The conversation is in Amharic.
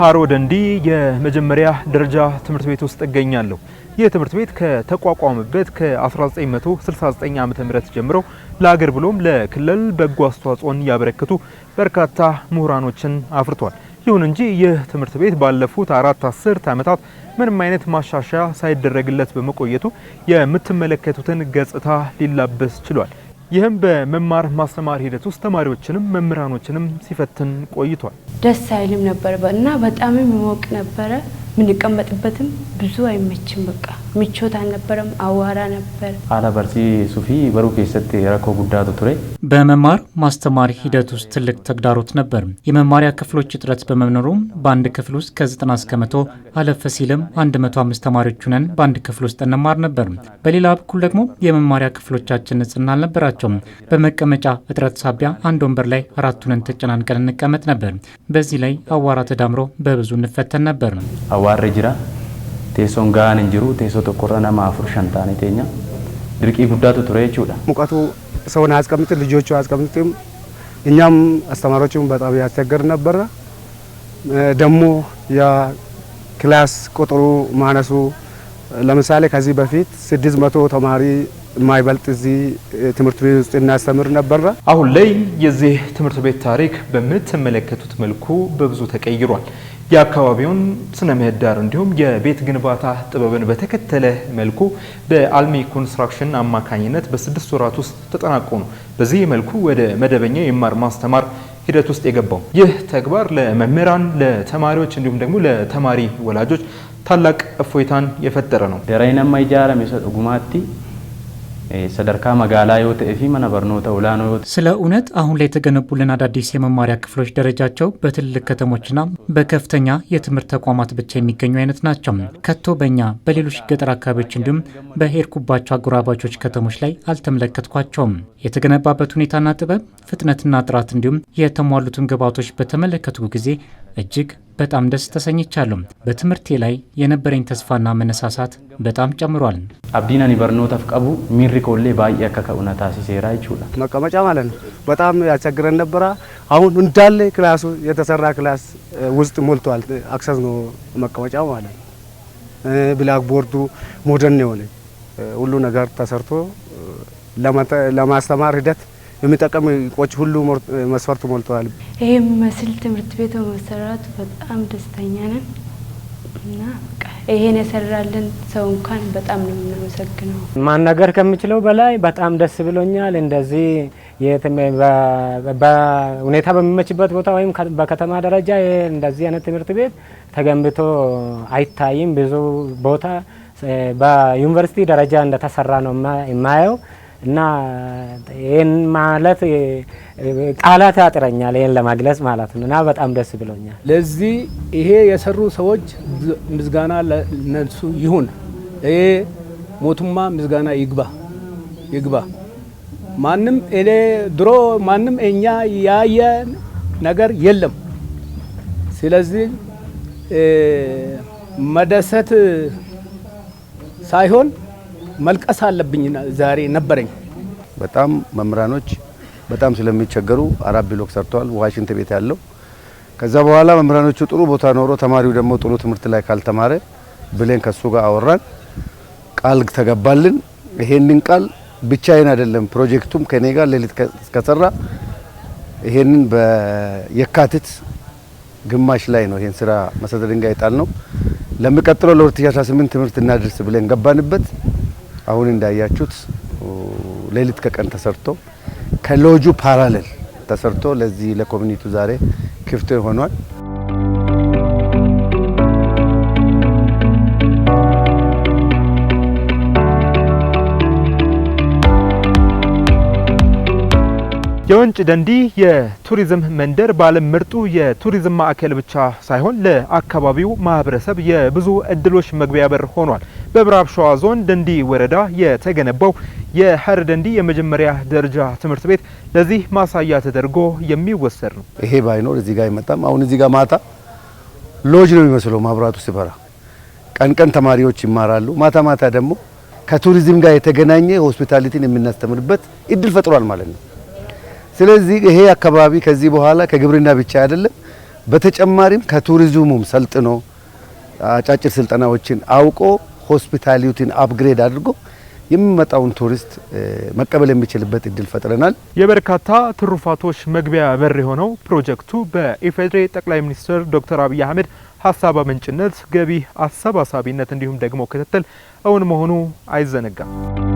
ሃሮ ደንዲ የመጀመሪያ ደረጃ ትምህርት ቤት ውስጥ እገኛለሁ። ይህ ትምህርት ቤት ከተቋቋመበት ከ1969 ዓ ም ጀምሮ ለሀገር ብሎም ለክልል በጎ አስተዋጽኦን ያበረከቱ በርካታ ምሁራኖችን አፍርቷል። ይሁን እንጂ ይህ ትምህርት ቤት ባለፉት አራት አስርት ዓመታት ምንም አይነት ማሻሻያ ሳይደረግለት በመቆየቱ የምትመለከቱትን ገጽታ ሊላበስ ችሏል። ይህም በመማር ማስተማር ሂደት ውስጥ ተማሪዎችንም መምህራኖችንም ሲፈትን ቆይቷል። ደስ አይልም ነበር እና በጣም የሚሞቅ ነበረ። የምንቀመጥበትም ብዙ አይመችም። በቃ ምቾት አልነበረም፣ አዋራ ነበር። አና በርሲ ሱፊ በሩ ሰት ረኮ ጉዳቱ ቱሬ በመማር ማስተማር ሂደት ውስጥ ትልቅ ተግዳሮት ነበር። የመማሪያ ክፍሎች እጥረት በመኖሩ በአንድ ክፍል ውስጥ ከ90 እስከ መቶ አለፈ ሲልም አምስት ተማሪዎች ሁነን በአንድ ክፍል ውስጥ እንማር ነበር። በሌላ በኩል ደግሞ የመማሪያ ክፍሎቻችን ንጽህና አልነበራቸውም። በመቀመጫ እጥረት ሳቢያ አንድ ወንበር ላይ አራት ሁነን ተጨናንቀን እንቀመጥ ነበር። በዚህ ላይ አዋራ ተዳምሮ በብዙ እንፈተን ነበር። warri jira teessoon ga'aan hin jiru teessoo tokkorra nama afur shan taane teenya ድርቂ ጉዳቱ ቱሬ ይቹዳ ሙቀቱ ሰውን አያስቀምጥም፣ ልጆቹ አያስቀምጥም። እኛም አስተማሪዎቹም በጣም ያስቸገር ነበረ። ደግሞ የክላስ ቁጥሩ ማነሱ ለምሳሌ ከዚህ በፊት ስድስት መቶ ተማሪ ማይበልጥ እዚህ ትምህርት ቤት ውስጥ እናስተምር ነበረ። አሁን ላይ የዚህ ትምህርት ቤት ታሪክ በምትመለከቱት መልኩ በብዙ ተቀይሯል። የአካባቢውን ስነ ምህዳር እንዲሁም የቤት ግንባታ ጥበብን በተከተለ መልኩ በአልሚ ኮንስትራክሽን አማካኝነት በስድስት ወራት ውስጥ ተጠናቆ ነው በዚህ መልኩ ወደ መደበኛ የመማር ማስተማር ሂደት ውስጥ የገባው። ይህ ተግባር ለመምህራን፣ ለተማሪዎች እንዲሁም ደግሞ ለተማሪ ወላጆች ታላቅ እፎይታን የፈጠረ ነው። ደራይነማ ይጃረም የሰጡ ጉማቲ ሰደርካ eh, መጋላ yoo ta'ee fi mana barnoota olaanoo ስለ እውነት አሁን ላይ የተገነቡልን አዳዲስ የመማሪያ ክፍሎች ደረጃቸው በትልልቅ ከተሞችና በከፍተኛ የትምህርት ተቋማት ብቻ የሚገኙ አይነት ናቸው። ከቶ በእኛ በሌሎች ገጠር አካባቢዎች እንዲሁም በሄድኩባቸው አጎራባቾች ከተሞች ላይ አልተመለከትኳቸውም። የተገነባበት ሁኔታና ጥበብ፣ ፍጥነትና ጥራት እንዲሁም የተሟሉትን ግብዓቶች በተመለከትኩ ጊዜ እጅግ በጣም ደስ ተሰኝቻለሁ። በትምህርቴ ላይ የነበረኝ ተስፋና መነሳሳት በጣም ጨምሯል። አብዲናን በርኖታፍ ቀቡ ሚሪ ኮሌ ባየ ከከኡነ ታሲሴራ ይችላ መቀመጫ ማለት ነው። በጣም ያስቸግረን ነበረ። አሁን እንዳለ ክላሱ የተሰራ ክላስ ውስጥ ሞልቷል። አክሰስ ነው መቀመጫ ማለት ነው። ብላክቦርዱ ሞደርን የሆነ ሁሉ ነገር ተሰርቶ ለማስተማር ሂደት ቆጭ ሁሉ መስፈርቱ ሞልተዋል። ይህ መስል ትምህርት ቤት በመሰራቱ በጣም ደስተኛ ነን እና ይሄን የሰራልን ሰው እንኳን በጣም ነው የምናመሰግነው። ማናገር ከምችለው በላይ በጣም ደስ ብሎኛል። እንደዚህ ሁኔታ በሚመችበት ቦታ ወይም በከተማ ደረጃ እንደዚህ አይነት ትምህርት ቤት ተገንብቶ አይታይም። ብዙ ቦታ በዩኒቨርሲቲ ደረጃ እንደተሰራ ነው የማየው። እና ይህን ማለት ቃላት ያጥረኛል፣ ይህን ለማግለጽ ማለት ነው። እና በጣም ደስ ብሎኛል። ለዚህ ይሄ የሰሩ ሰዎች ምስጋና ለነሱ ይሁን። ይሄ ሞቱማ ምስጋና ይግባ ይግባ። ማንም እኔ ድሮ ማንም እኛ ያየ ነገር የለም። ስለዚህ መደሰት ሳይሆን መልቀስ አለብኝ ዛሬ ነበረኝ። በጣም መምህራኖች በጣም ስለሚቸገሩ አራት ብሎክ ሰርተዋል። ዋሽንት ቤት ያለው ከዛ በኋላ መምህራኖቹ ጥሩ ቦታ ኖሮ ተማሪው ደግሞ ጥሩ ትምህርት ላይ ካልተማረ ብለን ከሱ ጋር አወራን፣ ቃል ተገባልን። ይሄንን ቃል ብቻዬን አይደለም ፕሮጀክቱም ከኔ ጋር ሌሊት ከሰራ ይሄንን በየካቲት ግማሽ ላይ ነው ይሄን ስራ መሰረት ድንጋይ ጣል ነው። ለሚቀጥለው ለ2018 ትምህርት እናድርስ ብለን ገባንበት። አሁን እንዳያችሁት ሌሊት ከቀን ተሰርቶ ከሎጁ ፓራሌል ተሰርቶ ለዚህ ለኮሚኒቲው ዛሬ ክፍት ሆኗል። የወንጭ ደንዲ የቱሪዝም መንደር በዓለም ምርጡ የቱሪዝም ማዕከል ብቻ ሳይሆን ለአካባቢው ማህበረሰብ የብዙ እድሎች መግቢያ በር ሆኗል። በምዕራብ ሸዋ ዞን ደንዲ ወረዳ የተገነባው የሀረር ደንዲ የመጀመሪያ ደረጃ ትምህርት ቤት ለዚህ ማሳያ ተደርጎ የሚወሰድ ነው። ይሄ ባይኖር እዚህ ጋር አይመጣም። አሁን እዚህ ጋር ማታ ሎጅ ነው የሚመስለው ማብራቱ ሲበራ፣ ቀን ቀን ተማሪዎች ይማራሉ፣ ማታ ማታ ደግሞ ከቱሪዝም ጋር የተገናኘ ሆስፒታሊቲን የምናስተምርበት እድል ፈጥሯል ማለት ነው። ስለዚህ ይሄ አካባቢ ከዚህ በኋላ ከግብርና ብቻ አይደለም፣ በተጨማሪም ከቱሪዝሙም ሰልጥኖ አጫጭር ስልጠናዎችን አውቆ ሆስፒታሊቲን አፕግሬድ አድርጎ የሚመጣውን ቱሪስት መቀበል የሚችልበት እድል ፈጥረናል። የበርካታ ትሩፋቶች መግቢያ በር የሆነው ፕሮጀክቱ በኢፌዴሪ ጠቅላይ ሚኒስትር ዶክተር አብይ አህመድ ሀሳብ አመንጭነት፣ ገቢ አሰባሳቢነት እንዲሁም ደግሞ ክትትል እውን መሆኑ አይዘነጋም።